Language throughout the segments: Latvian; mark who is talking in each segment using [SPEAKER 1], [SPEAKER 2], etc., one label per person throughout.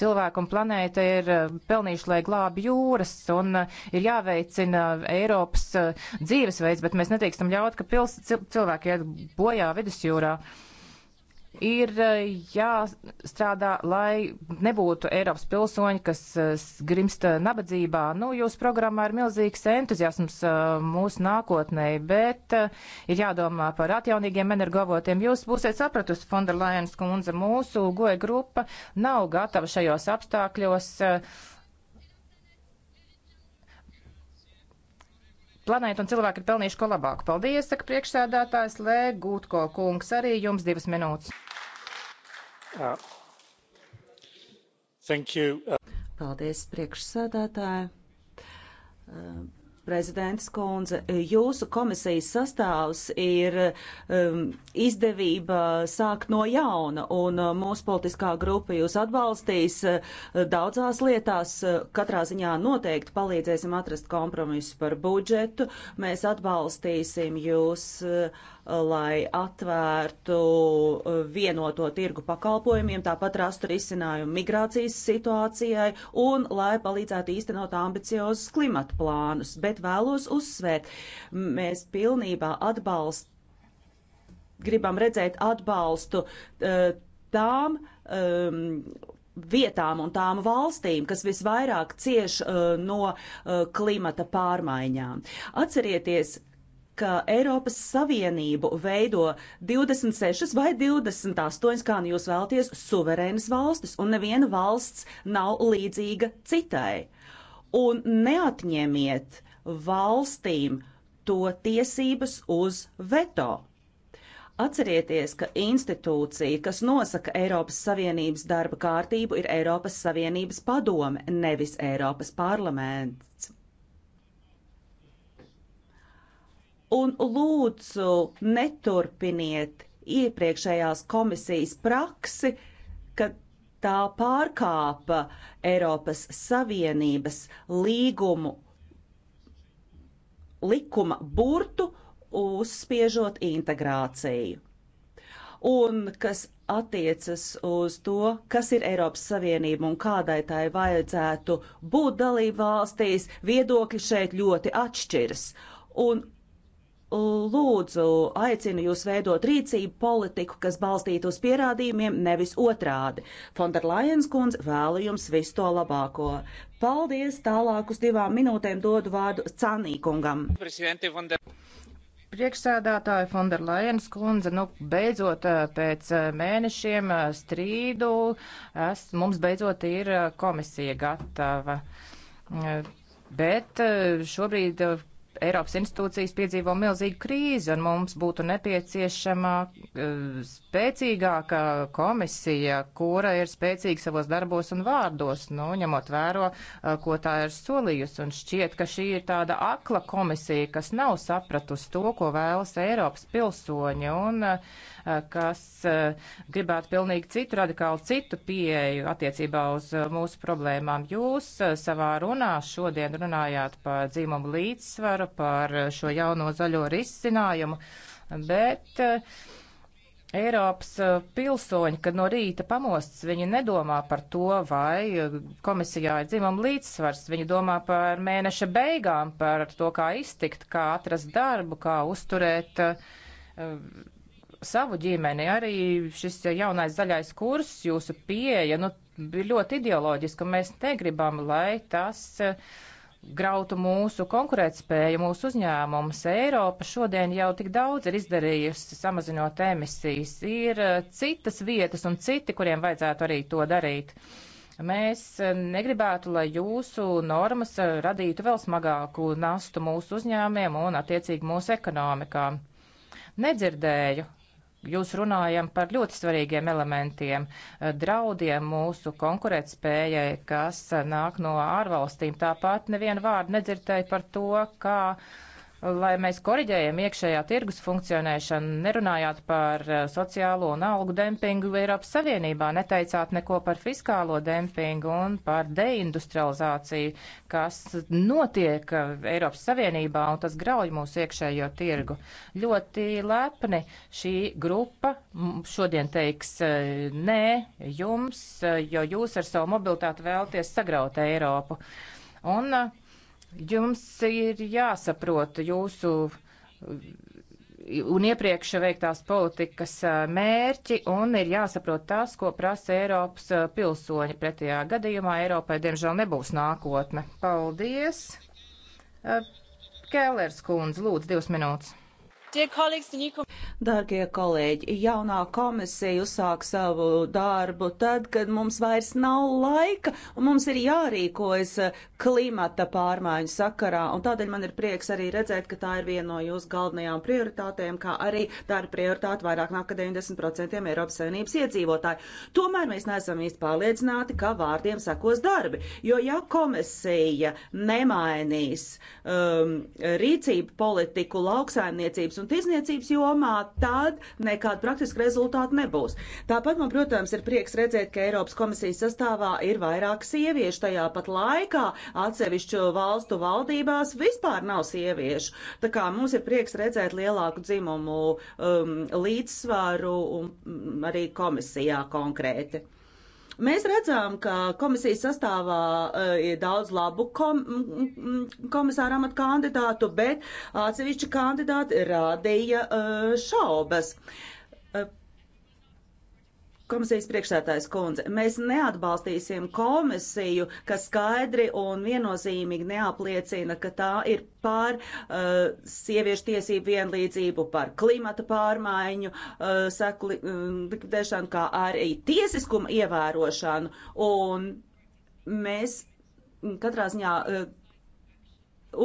[SPEAKER 1] cilvēku un planēta ir eh, pelnījuši, lai glābi jūras un eh, ir jāveicina Eiropas eh, dzīvesveids, bet mēs netiekstam ļaut, ka pils, cilvēki iet bojā vidusjūrā. Uh, ir eh, jāstrādā, lai nebūtu Eiropas pilsoņi, kas eh, grimsta eh, nabadzībā. Nu, jūsu programmā ir milzīgs entuziasms mūsu nākotnē, bet ir jādomā par atjaunīgiem energoavotiem. Jūs būsiet sapratusi, Fonda Lajens kundze, mūsu goja grupa nav gatava šajos apstākļos. Uh, Planēta un cilvēki ir pelnījuši ko labāku. Paldies, saka priekšsēdētājs Lē Gūtko kungs. Arī jums divas minūtes.
[SPEAKER 2] Uh, thank you. Uh...
[SPEAKER 1] Paldies, priekšsēdētāji.
[SPEAKER 2] Uh,
[SPEAKER 3] prezidents Kunze, jūsu komisijas sastāvs ir um, izdevība sākt no jauna, un uh, mūsu politiskā grupa jūs atbalstīs uh, daudzās lietās. Katrā ziņā noteikti palīdzēsim atrast kompromisu par budžetu. Mēs atbalstīsim jūs. Uh, lai atvērtu uh, vienoto tirgu pakalpojumiem, tāpat rastu risinājumu migrācijas situācijai un lai palīdzētu īstenot ambiciozus klimata plānus. Bet vēlos uzsvērt, mēs pilnībā atbalst, gribam redzēt atbalstu uh, tām um, vietām un tām valstīm, kas visvairāk cieš uh, no uh, klimata pārmaiņām. Atcerieties, ka Eiropas Savienību veido 26 vai 28, kā nu jūs vēlaties, suverēnas valstis, un neviena valsts nav līdzīga citai. Un neatņemiet valstīm to tiesības uz veto. Atcerieties, ka institūcija, kas nosaka Eiropas Savienības darba kārtību, ir Eiropas Savienības padome, nevis Eiropas parlaments. un lūdzu neturpiniet iepriekšējās komisijas praksi, kad tā pārkāpa Eiropas Savienības līgumu likuma burtu, uzspiežot integrāciju. Un kas attiecas uz to, kas ir Eiropas Savienība un kādai tai vajadzētu būt dalību valstīs, viedokļi šeit ļoti atšķiras. Un lūdzu, aicinu jūs veidot rīcību politiku, kas balstītu uz pierādījumiem, nevis otrādi. Fonderlajens kundze vēlu jums visu to labāko. Paldies! Tālāk uz divām minūtēm dodu vārdu Canīkungam.
[SPEAKER 1] Priekšsēdētāja Fonderlajens kundze, nu, beidzot eh, pēc eh, mēnešiem eh, strīdu, es, mums beidzot ir komisija gatava. Bet šobrīd Eiropas institūcijas piedzīvo milzīgu krīzi, un mums būtu nepieciešama e, spēcīgāka komisija, kura ir spēcīga savos darbos un vārdos, nu, ņemot vēro, e, ko tā ir solījusi. Un šķiet, ka šī ir tāda akla komisija, kas nav sapratusi to, ko vēlas Eiropas pilsoņi, un e, Eh, kas eh, gribētu pilnīgi citu, radikāli citu pieeju attiecībā uz eh, mūsu problēmām. Jūs savā runā šodien runājāt par dzīvumu līdzsvaru, par šo jauno zaļo risinājumu, bet. Eiropas pilsoņi, kad no rīta pamostas, viņi nedomā par to, vai komisijā ir dzimuma līdzsvars. Viņi domā par mēneša beigām, par to, kā iztikt, kā atrast darbu, kā uzturēt uh, savu ģimeni, arī šis jaunais zaļais kurs, jūsu pieeja, nu, bija ļoti ideoloģiska, un mēs negribam, lai tas eh, grautu mūsu konkurētspēju, mūsu uzņēmumus. Eiropa šodien jau tik daudz ir izdarījusi, samazinot emisijas. Ir eh, citas vietas un citi, kuriem vajadzētu arī to darīt. Mēs eh, negribētu, lai jūsu normas radītu vēl smagāku nastu mūsu uzņēmiem un attiecīgi mūsu ekonomikām. Nedzirdēju jūs runājam par ļoti svarīgiem elementiem, eh, draudiem mūsu konkurētspējai, kas eh, nāk no ārvalstīm. Tāpat nevienu vārdu nedzirdēju par to, kā lai mēs koriģējam iekšējā tirgus funkcionēšanu, nerunājāt par eh, sociālo un algu dempingu Eiropas Savienībā, neteicāt neko par fiskālo dempingu un par deindustrializāciju, kas notiek eh, Eiropas Savienībā un tas grauj mūsu iekšējo tirgu. Ļoti lepni šī grupa šodien teiks eh, nē jums, jo jūs ar savu mobilitāti vēlties sagraut Eiropu. Un uh, Jums ir jāsaprot jūsu un iepriekš veiktās politikas mērķi un ir jāsaprot tas, ko prasa Eiropas pilsoņi. Pretējā gadījumā Eiropai, diemžēl, nebūs nākotne. Paldies! Kēlers kundze, lūdzu, divas minūtes. Darbie
[SPEAKER 3] kolēģi, jaunā komisija uzsāk savu darbu tad, kad mums vairs nav laika un mums ir jārīkojas klimata pārmaiņu sakarā. Un tādēļ man ir prieks arī redzēt, ka tā ir viena no jūsu galvenajām prioritātēm, kā arī tā ir prioritāte vairāk nekā 90% Eiropas Savienības iedzīvotāji. Tomēr mēs neesam īsti pārliecināti, ka vārdiem sekos darbi, jo ja komisija nemainīs um, rīcību politiku lauksaimniecības un tirzniecības jomā, tad nekāda praktiska rezultāta nebūs. Tāpat man, protams, ir prieks redzēt, ka Eiropas komisijas sastāvā ir vairāk sieviešu. Tajā pat laikā atsevišķu valstu valdībās vispār nav sieviešu. Tā kā mums ir prieks redzēt lielāku dzimumu um, līdzsvaru un um, arī komisijā konkrēti. Mēs redzam, ka komisijas sastāvā eh, ir daudz labu kom komisāru amatu kandidātu, bet atsevišķi kandidāti radīja eh, šaubas. Eh, Komisijas priekšsētājs kundze, mēs neatbalstīsim komisiju, kas skaidri un viennozīmīgi neapliecina, ka tā ir par uh, sieviešu tiesību vienlīdzību, par klimata pārmaiņu, uh, sekli, uh, likvidēšanu, kā arī tiesiskuma ievērošanu. Un mēs katrā ziņā. Uh,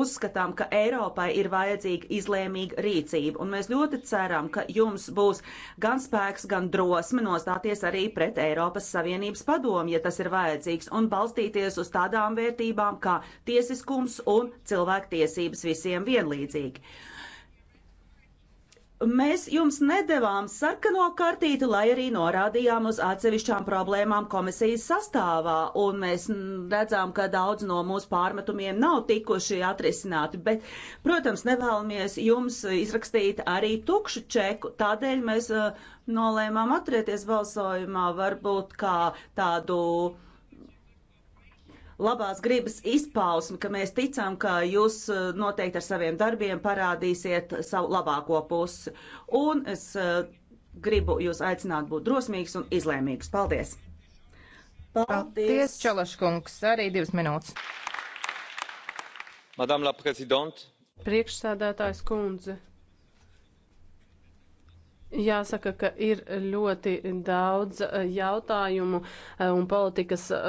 [SPEAKER 3] uzskatām, ka Eiropai ir vajadzīga izlēmīga rīcība, un mēs ļoti ceram, ka jums būs gan spēks, gan drosme nostāties arī pret Eiropas Savienības padomu, ja tas ir vajadzīgs, un balstīties uz tādām vērtībām kā tiesiskums un cilvēktiesības visiem vienlīdzīgi. Mēs jums nedavām sarkano kartīti, lai arī norādījām uz atsevišķām problēmām komisijas sastāvā, un mēs redzām, ka daudz no mūsu pārmetumiem nav tikuši atrisināti, bet, protams, nevēlamies jums izrakstīt arī tukšu čeku, tādēļ mēs eh, nolēmām atrieties balsojumā varbūt kā tādu labās gribas izpausmi, ka mēs ticam, ka jūs eh, noteikti ar saviem darbiem parādīsiet savu labāko pusi. Un es eh, gribu jūs aicināt būt drosmīgs un izlēmīgs. Paldies! Paldies, Paldies
[SPEAKER 1] Čalaškungs, arī divas minūtes.
[SPEAKER 4] Madame la Présidente.
[SPEAKER 1] Priekšsēdētājs kundze. Jāsaka,
[SPEAKER 5] ka ir ļoti daudz e, jautājumu e, un politikas e,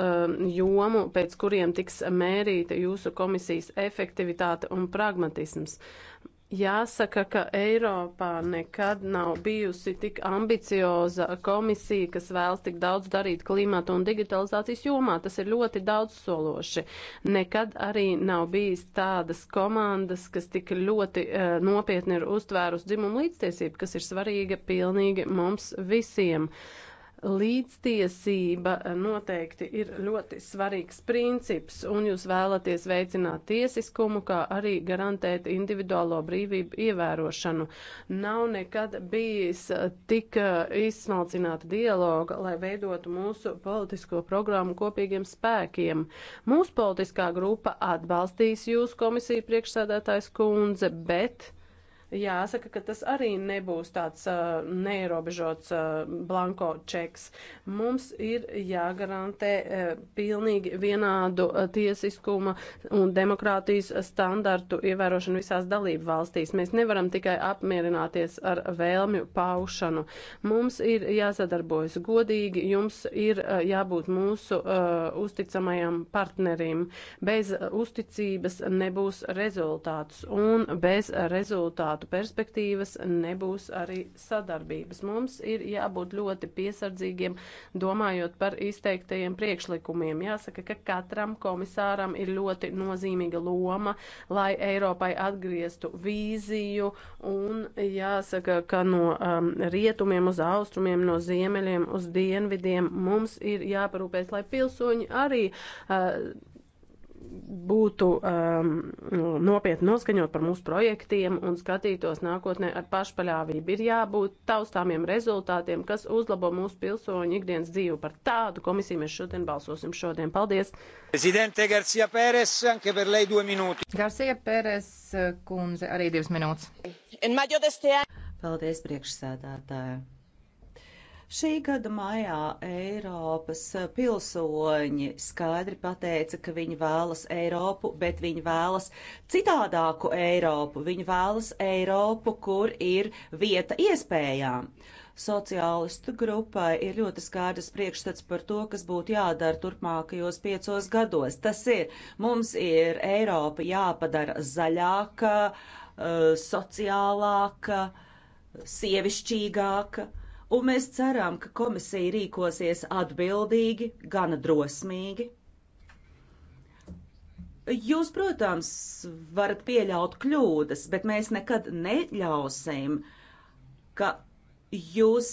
[SPEAKER 5] jomu, pēc kuriem tiks mērīta jūsu komisijas efektivitāte un pragmatisms. Jāsaka, ka Eiropā nekad nav bijusi tik ambicioza komisija, kas vēlas tik daudz darīt klimata un digitalizācijas jomā. Tas ir ļoti daudzsološi. Nekad arī nav bijis tādas komandas, kas tik ļoti uh, nopietni ir uztvērus dzimumu līdztiesību, kas ir svarīga pilnīgi mums visiem. Uh, Līdztiesība noteikti ir ļoti svarīgs princips, un jūs vēlaties veicināt tiesiskumu, kā arī garantēt individuālo brīvību ievērošanu. Nav nekad bijis tik izsmalcināta dialoga, lai veidotu mūsu politisko programmu kopīgiem spēkiem. Mūsu politiskā grupa atbalstīs jūs, komisija priekšsēdētājs kundze, bet jāsaka, ka tas arī nebūs tāds uh, neierobežots uh, blanko čeks. Mums ir jāgarantē uh, pilnīgi vienādu uh, tiesiskuma un demokrātijas standartu ievērošanu visās dalību valstīs. Mēs nevaram tikai apmierināties ar vēlmju paušanu. Mums ir jāsadarbojas godīgi, jums ir uh, jābūt mūsu uh, uzticamajam partnerim. Bez uh, uzticības nebūs rezultāts un bez rezultātu rezultātu perspektīvas, nebūs arī sadarbības. Mums ir jābūt ļoti piesardzīgiem, domājot par izteiktajiem priekšlikumiem. Jāsaka, ka katram komisāram ir ļoti nozīmīga loma, lai Eiropai atgrieztu vīziju un jāsaka, ka no um, rietumiem uz austrumiem, no ziemeļiem uz dienvidiem mums ir jāparūpēs, lai pilsoņi arī uh, būtu um, nopietni noskaņot par mūsu projektiem un skatītos nākotnē ar pašpaļāvību. Ir jābūt taustāmiem rezultātiem, kas uzlabo mūsu pilsoņu ikdienas dzīvi. Par tādu komisiju mēs šodien balsosim. Šodien paldies!
[SPEAKER 4] Prezidente Garcia Pérez, anche per lei due minūti.
[SPEAKER 1] Garcia Pérez kundze, arī divas minūtes. Paldies priekšsēdātāju.
[SPEAKER 3] Šī gada maijā Eiropas pilsoņi skaidri pateica, ka viņi vēlas Eiropu, bet viņi vēlas citādāku Eiropu. Viņi vēlas Eiropu, kur ir vieta iespējām sociālistu grupai ir ļoti skaidrs priekšstats par to, kas būtu jādara turpmākajos piecos gados. Tas ir, mums ir Eiropa jāpadara zaļāka, eh, sociālāka, sievišķīgāka un mēs ceram, ka komisija rīkosies atbildīgi, gana drosmīgi. Jūs, protams, varat pieļaut kļūdas, bet mēs nekad neļausim, ka jūs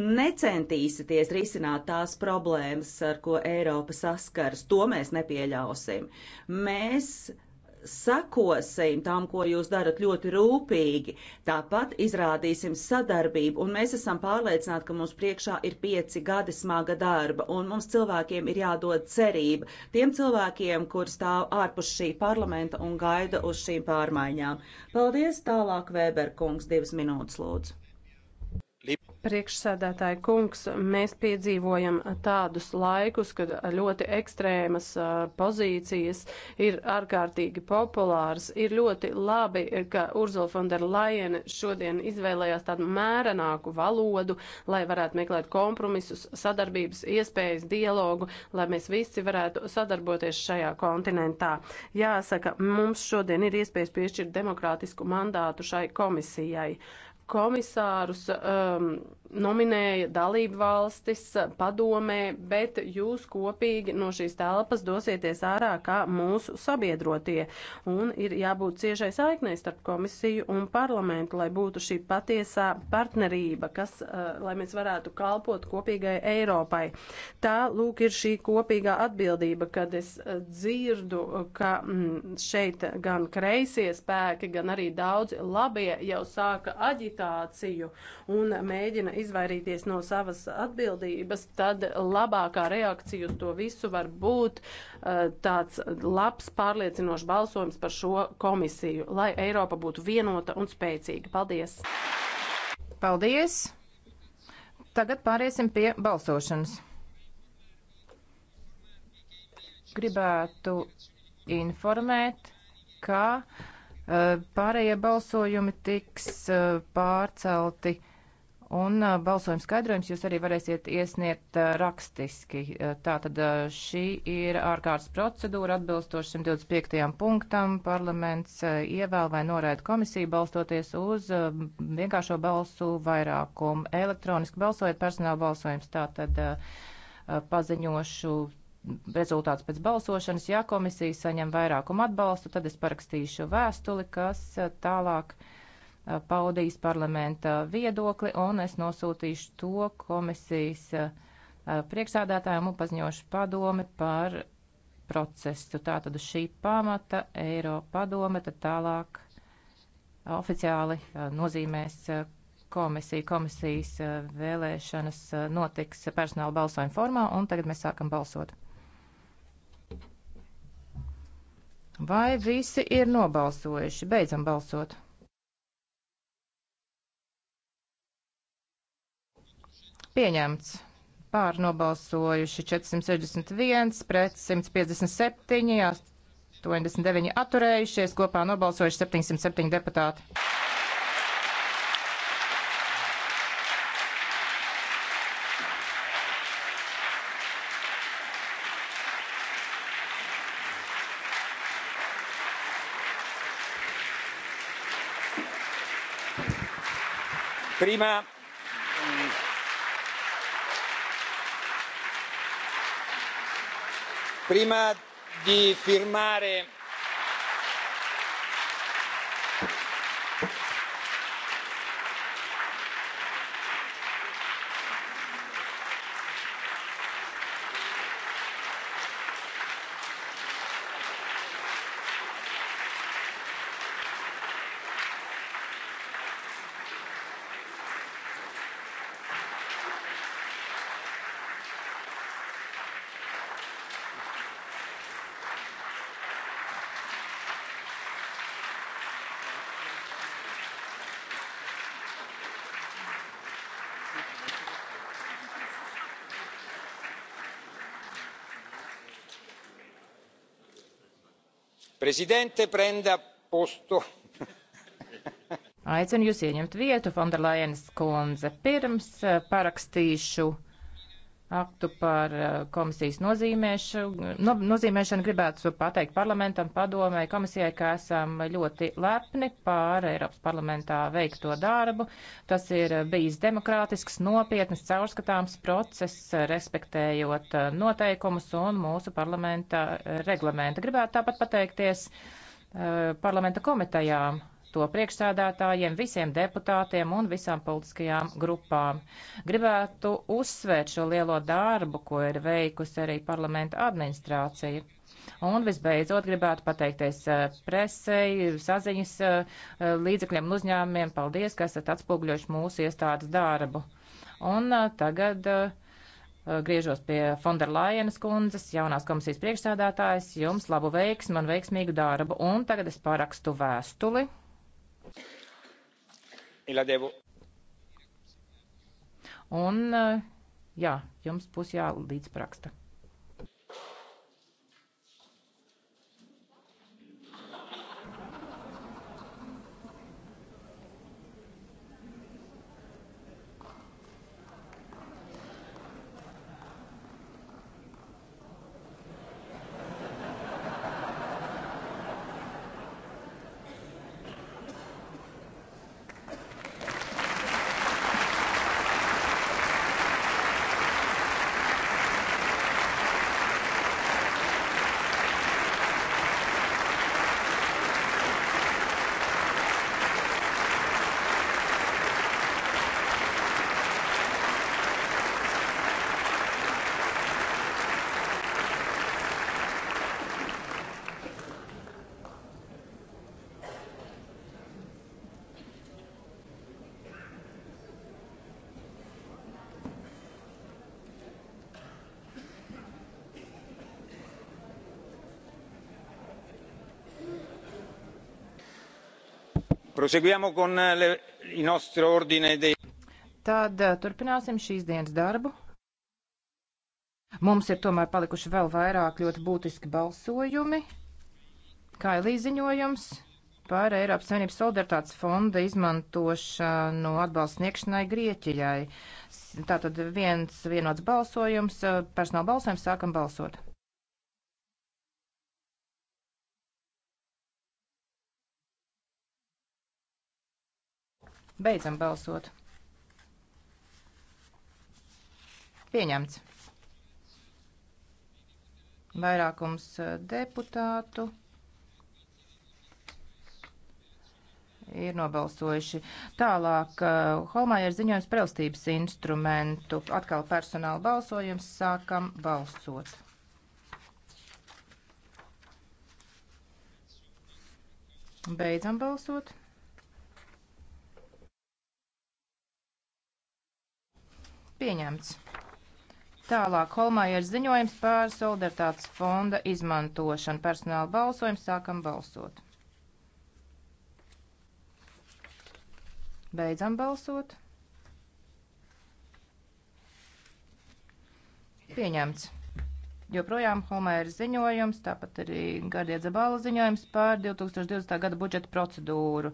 [SPEAKER 3] necentīsieties risināt tās problēmas, ar ko Eiropa saskars. To mēs nepieļausim. Mēs sekosim tam, ko jūs darat ļoti rūpīgi. Tāpat izrādīsim sadarbību, un mēs esam pārliecināti, ka mums priekšā ir pieci gadi smaga darba, un mums cilvēkiem ir jādod cerība tiem cilvēkiem, kur stāv ārpus šī parlamenta un gaida uz šīm
[SPEAKER 5] pārmaiņām. Paldies, tālāk Vēberkungs, divas minūtes lūdzu. Priekšsēdētāji kungs, mēs piedzīvojam tādus laikus, kad ļoti ekstrēmas pozīcijas ir ārkārtīgi populāras. Ir ļoti labi, ka Urzula Fondera Lajene šodien izvēlējās tādu mērenāku valodu, lai varētu meklēt kompromisus, sadarbības iespējas, dialogu, lai mēs visi varētu sadarboties šajā kontinentā. Jāsaka, mums šodien ir iespējas piešķirt demokrātisku mandātu šai komisijai. Uh, komisārus um, nominēja dalību valstis padomē, bet jūs kopīgi no šīs telpas dosieties ārā kā mūsu sabiedrotie. Un ir jābūt ciešai saiknei starp komisiju un parlamentu, lai būtu šī patiesā partnerība, kas, eh, lai mēs varētu kalpot kopīgai Eiropai. Tā, lūk, ir šī kopīgā atbildība, kad es eh, dzirdu, eh, ka mm, šeit gan kreisie spēki, gan arī daudzi labie jau sāka aģitāciju un mēģina izvairīties no savas atbildības, tad labākā reakcija uz to visu var būt eh, tāds labs, pārliecinošs balsojums par šo komisiju, lai Eiropa būtu vienota un spēcīga. Paldies! Paldies!
[SPEAKER 1] Tagad pāriesim pie balsošanas. Gribētu informēt, ka. Uh, Pārējie balsojumi tiks uh, pārcelti Un uh, balsojuma skaidrojums jūs arī varēsiet iesniegt uh, rakstiski. Uh, tātad šī ir ārkārtas procedūra atbilstoši 125. punktam. Parlaments ievēl vai noraida komisiju balstoties uz vienkāršo balsu vairākumu. Elektroniski balsojot personāla balsojums. Tātad paziņošu rezultāts pēc balsošanas. Ja komisija saņem vairākumu atbalstu, tad es parakstīšu vēstuli, kas tālāk paudīs parlamenta viedokli, un es nosūtīšu to komisijas priekšsādātājiem un paziņošu padomi par procesu. Tātad uz šī pamata Eiro padome tad tālāk oficiāli nozīmēs komisiju. Komisijas vēlēšanas notiks personāla balsojuma formā, un tagad mēs sākam balsot. Vai visi ir nobalsojuši? Beidzam balsot! Pieņemts. Pār nobalsojuši 461, pret 157, 89 atturējušies, kopā nobalsojuši 707 deputāti.
[SPEAKER 6] Prima
[SPEAKER 4] prima di firmare Prezidente, prenda posto.
[SPEAKER 1] Aicinu jūs ieņemt vietu, Fonderlajenes kundze. Pirms eh, parakstīšu aktu par eh, komisijas nozīmēšanu. No, nozīmēšanu gribētu pateikt parlamentam, padomē, komisijai, ka esam ļoti lepni pār Eiropas parlamentā veikto darbu. Tas ir bijis demokrātisks, nopietnas, caurskatāms process, respektējot eh, noteikumus un mūsu parlamenta eh, reglamenta. Gribētu tāpat pateikties parlamenta komitejām to priekšsēdētājiem, visiem deputātiem un visām politiskajām grupām. Gribētu uzsvērt šo lielo darbu, ko ir veikusi arī parlamenta administrācija. Un visbeidzot gribētu pateikties eh, presei, saziņas eh, līdzekļiem un uzņēmumiem. Paldies, ka esat atspoguļojuši mūsu iestādes darbu. Un eh, tagad griežos pie Fonderlajenas kundzes, jaunās komisijas priekšsēdētājas. Jums labu veiksmu un veiksmīgu darbu. Un tagad es parakstu vēstuli. E Un eh, jā, jums būs jālīdzpraksta.
[SPEAKER 4] Eh,
[SPEAKER 1] Tad eh, turpināsim šīs dienas darbu. Mums ir tomēr palikuši vēl vairāk ļoti būtiski balsojumi. Kailī ziņojums par Eiropas Savienības solidaritātes fonda izmantošanu atbalstu sniegšanai Grieķijai. Tātad viens vienots balsojums, eh, personāla balsojums, sākam balsot. Beidzam balsot. Pieņemts. Vairākums eh, deputātu ir nobalsojuši. Tālāk, uh, eh, Holmāja ir ziņojums par elstības instrumentu. Atkal personāla balsojums, sākam balsot. Beidzam balsot. Pieņemts. Tālāk Holmāja ir ziņojums pār solidaritātes fonda izmantošanu. Personāla balsojums sākam balsot. Beidzam balsot. Pieņemts. Joprojām Homēra ziņojums, tāpat arī Gardiedza Bala ziņojums par 2020. gada budžeta procedūru.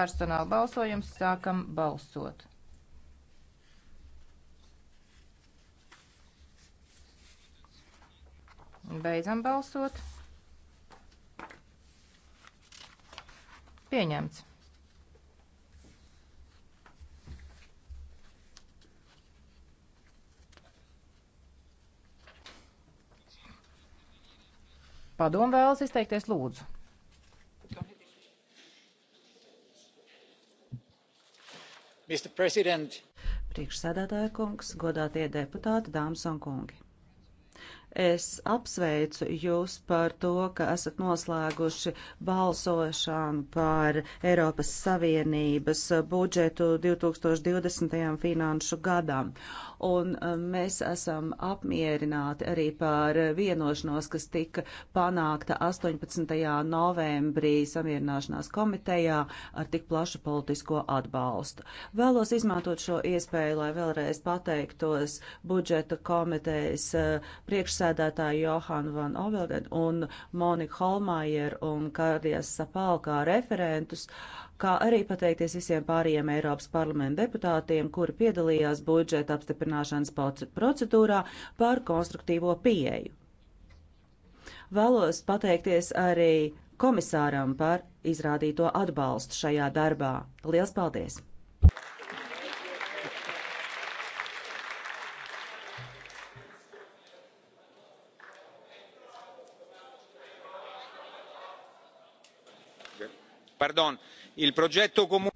[SPEAKER 1] Personāla balsojums sākam balsot. Beidzam balsot. Pieņemts. Padomu vēlas izteikties lūdzu.
[SPEAKER 3] Priekšsēdētāja kungs, godātie deputāti, dāmas un kungi. Es apsveicu jūs par to, ka esat noslēguši balsošanu par Eiropas Savienības budžetu 2020. finanšu gadam. Un e, mēs esam apmierināti arī par vienošanos, kas tika panākta 18. novembrī samierināšanās komitejā ar tik plašu politisko atbalstu. Vēlos izmantot šo iespēju, lai vēlreiz pateiktos budžeta komitejas e, priekšsēdētājiem vicepriekšsēdētāji Johānu Van Ovelden un Moniku Holmajeru un Kārdies Sapal kā referentus, kā arī pateikties visiem pārējiem Eiropas parlamenta deputātiem, kuri piedalījās budžeta apstiprināšanas procedūrā par konstruktīvo pieeju. Vēlos pateikties arī komisāram par izrādīto atbalstu šajā darbā. Lielas paldies!
[SPEAKER 4] Pardon, il progetto comune.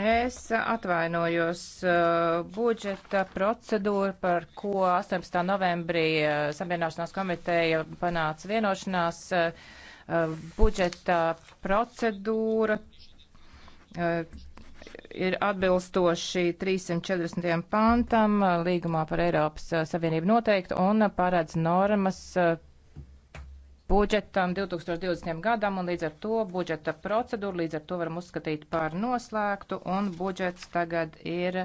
[SPEAKER 1] Es atvainojos uh, budžeta procedūru, par ko 18. novembrī uh, Sabiedrināšanās komiteja panāca vienošanās. Uh, budžeta procedūra ir atbilstoši 340. pantam līgumā par Eiropas Savienību noteikta un paredz normas budžetam 2020. gadam, un līdz ar to budžeta procedūru līdz ar to varam uzskatīt par noslēgtu, un budžets tagad ir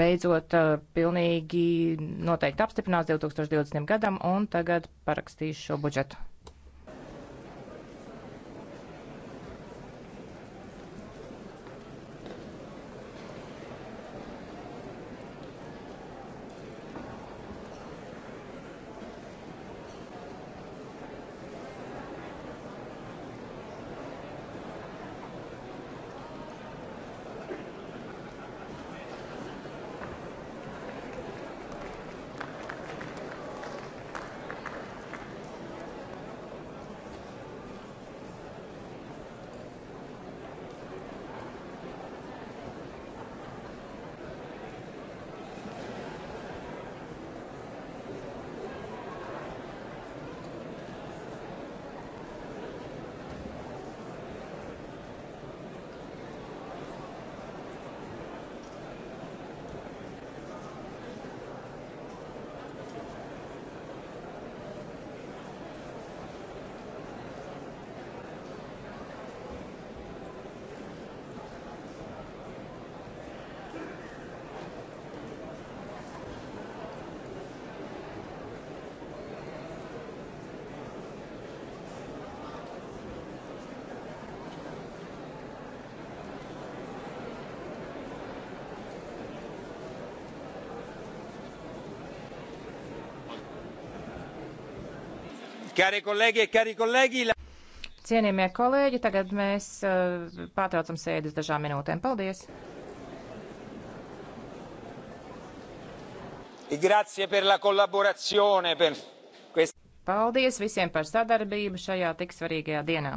[SPEAKER 1] beidzot pilnīgi noteikti apstiprināts 2020. gadam, un tagad parakstīšu šo budžetu.
[SPEAKER 4] E
[SPEAKER 1] Cienījamie kolēģi, tagad mēs eh, pārtraucam sēdes dažām minūtēm. Paldies!
[SPEAKER 4] E grazie per la collaborazione. Per...
[SPEAKER 1] Paldies visiem par sadarbību šajā tik svarīgajā dienā.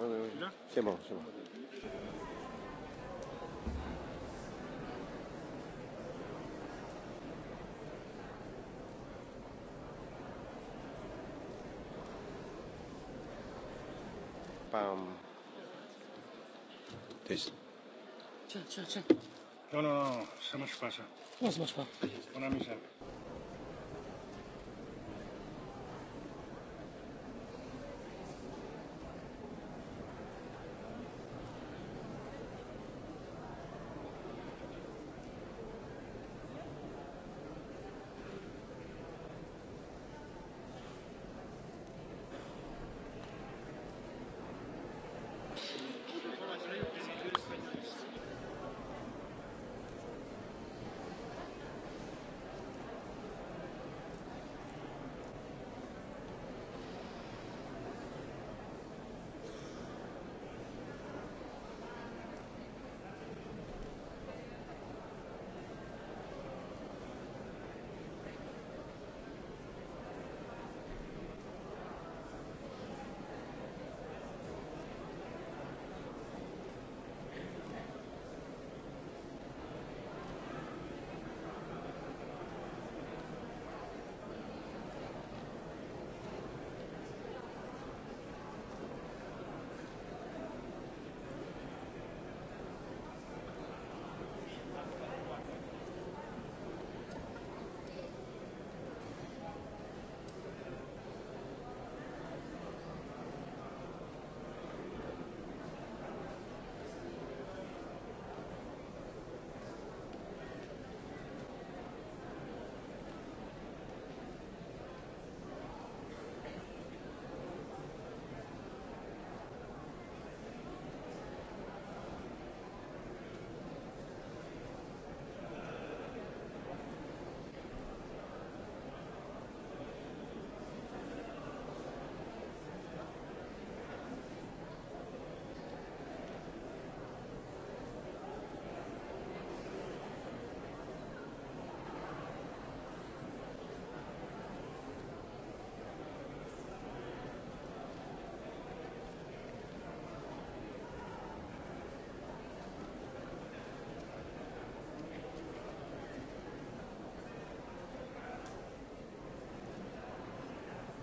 [SPEAKER 4] oui, oui. C'est bon, c'est bon. Pam. Test. Tiens, tiens, tiens. Non, non, non, ça marche pas, ça. Non, ça marche pas. On a mis ça.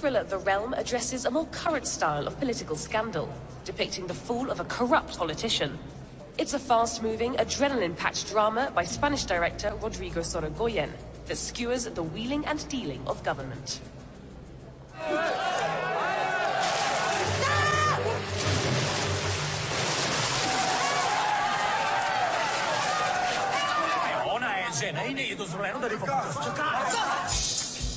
[SPEAKER 7] thriller The Realm addresses a more current style of political scandal, depicting the fall of a corrupt politician. It's a fast-moving, adrenaline-packed drama by Spanish director Rodrigo Sorogoyen that skewers the wheeling and dealing of government.
[SPEAKER 6] Ona je žena i nije dozvoljeno da li popušta.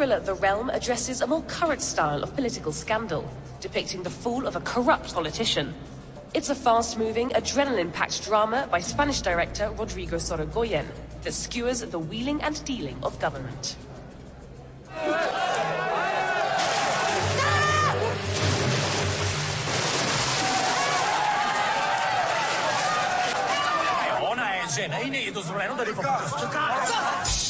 [SPEAKER 7] thriller The Realm addresses a more current style of political scandal, depicting the fall of a corrupt politician. It's a fast-moving, adrenaline-packed drama by Spanish director Rodrigo Sorogoyen that skewers the wheeling and dealing of government.
[SPEAKER 6] Ona je žena i nije dozvoljeno da li popušta.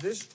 [SPEAKER 2] this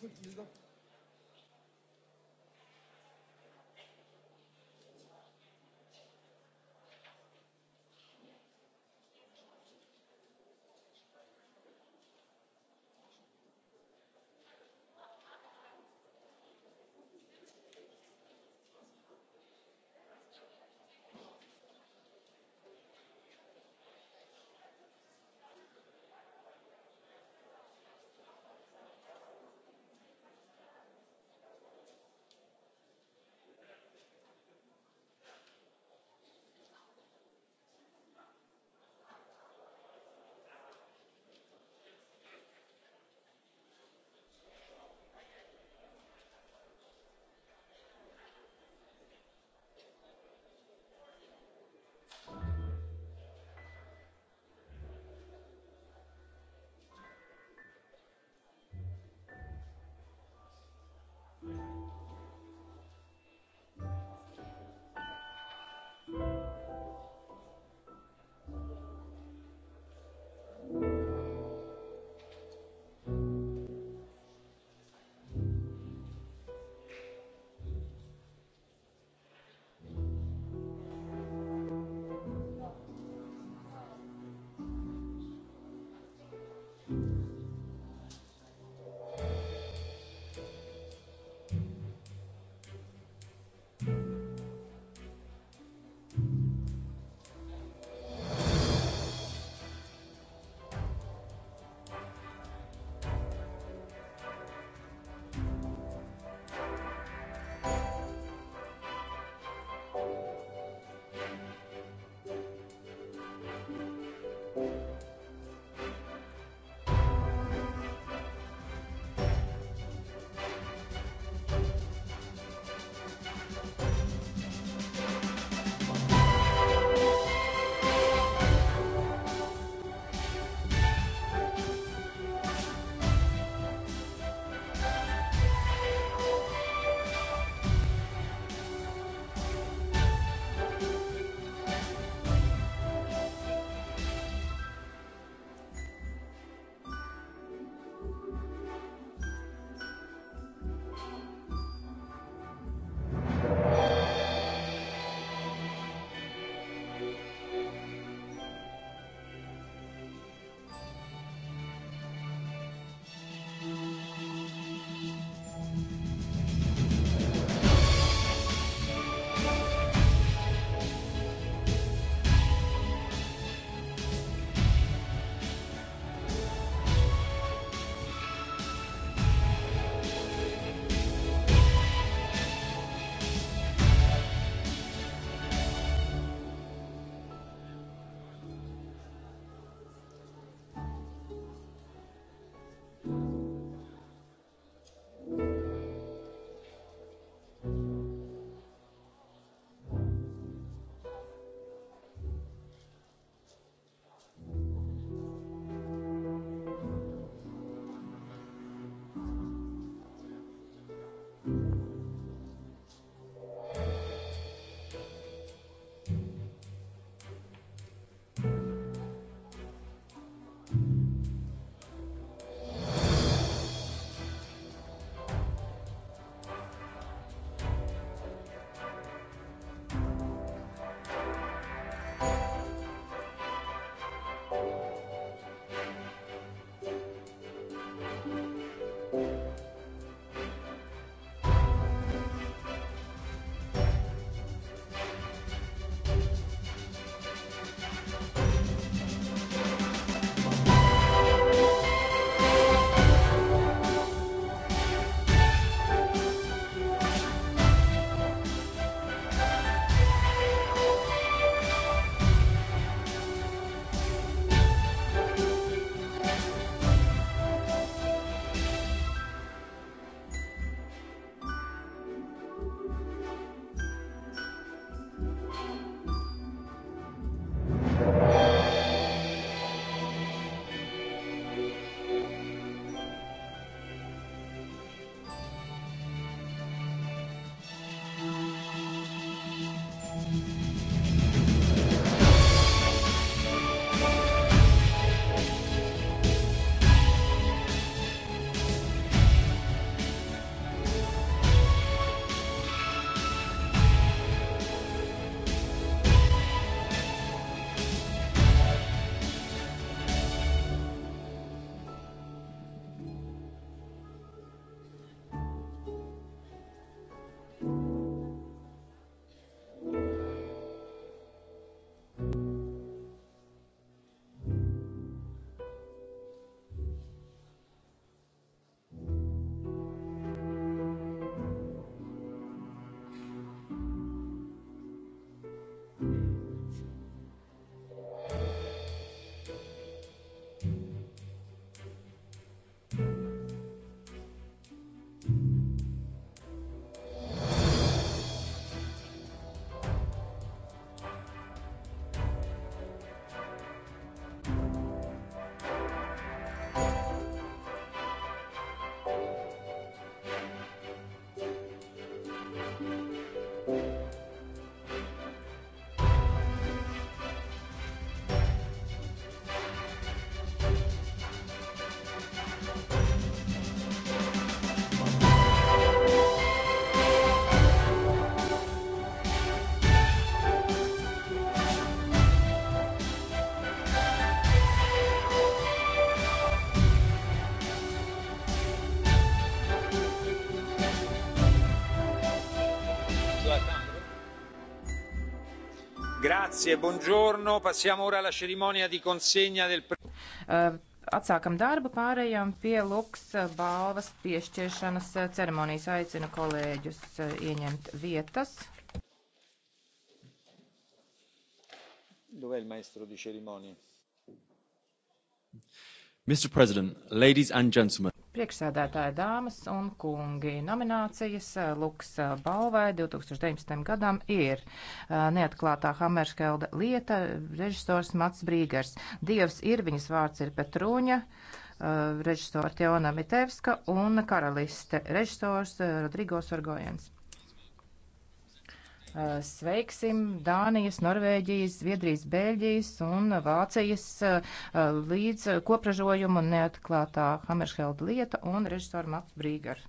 [SPEAKER 6] Grazie, buongiorno. Passiamo ora alla cerimonia di consegna
[SPEAKER 8] del
[SPEAKER 1] uh, Atsākam darbu, pārējām pie Luks balvas piešķiršanas ceremonijas. Aicinu kolēģus eh, ieņemt vietas.
[SPEAKER 6] Dov'è il maestro di cerimonie?
[SPEAKER 8] Mr. President, ladies and gentlemen.
[SPEAKER 1] Priekšsēdētāji dāmas un kungi nominācijas eh, Luks eh, balvai 2019. gadam ir eh, neatklātā Hammerskelda lieta režisors Mats Brīgers. Dievs ir, viņas vārds ir Petrūņa, režisora Teona Mitevska un karaliste režisors Rodrigo Sorgojens. Eh, sveiksim Dānijas, Norvēģijas, Zviedrijas, Bēļģijas un Vācijas eh, līdz kopražojumu neatklātā Hammerheld lieta un režisoru Mats Brīgar.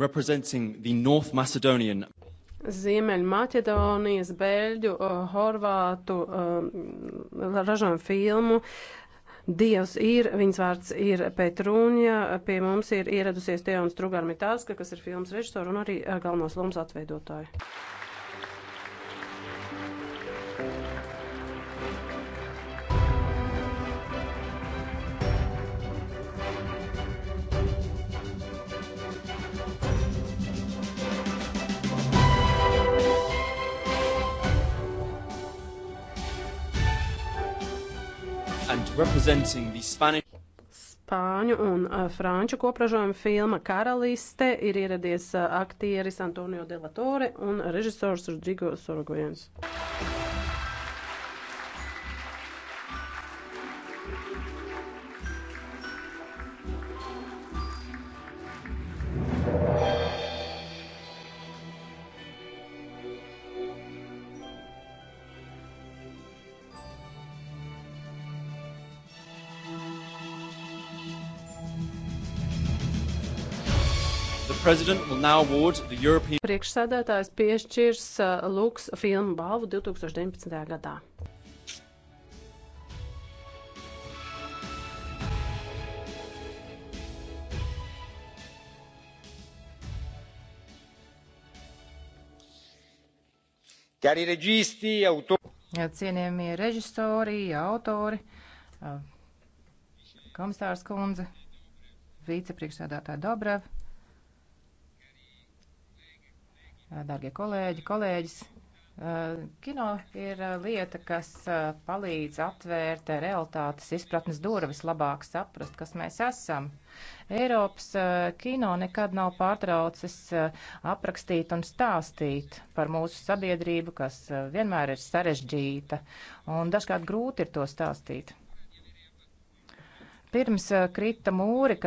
[SPEAKER 3] representing the North Macedonian
[SPEAKER 5] Ziemeļmaķedonijas, Bēļģu, uh, Horvātu uh, ražojumu filmu. Dievs ir, viņas vārds ir Petrūņa, pie mums ir ieradusies Teons Trugarmitāska, kas ir filmas režisora un arī uh, galvenos lomas atveidotāja.
[SPEAKER 2] representing the Spanish.
[SPEAKER 5] Spāņu un uh, franču kopražojuma filma Karaliste ir ieradies uh, aktieris Antonio Delatore un režisors Rodrigo Sorgoviens. European... Priekšsēdētājs piešķirs uh, Lūks filmu balvu 2019. gadā.
[SPEAKER 4] Cari reģisti, autori.
[SPEAKER 1] Cienījamie režisori, autori, uh, komisārs kundze, vicepriekšsēdētāja Dobrev. Eh, dārgie kolēģi, kolēģis. Eh, kino ir eh, lieta, kas palīdz atvērt realitātes izpratnes durvis, labāk saprast, kas mēs esam. Eiropas kino nekad nav pārtraucis aprakstīt un stāstīt par mūsu sabiedrību, kas vienmēr ir sarežģīta, un dažkārt grūti ir to stāstīt pirms krita mūri, kas